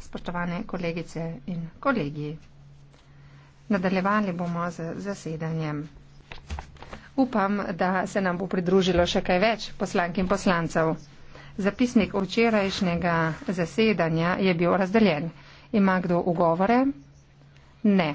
Spoštovane kolegice in kolegi. Nadaljevali bomo z zasedanjem. Upam, da se nam bo pridružilo še kaj več poslank in poslancev. Zapisnik včerajšnjega zasedanja je bil razdeljen. Ima kdo ugovore? Ne.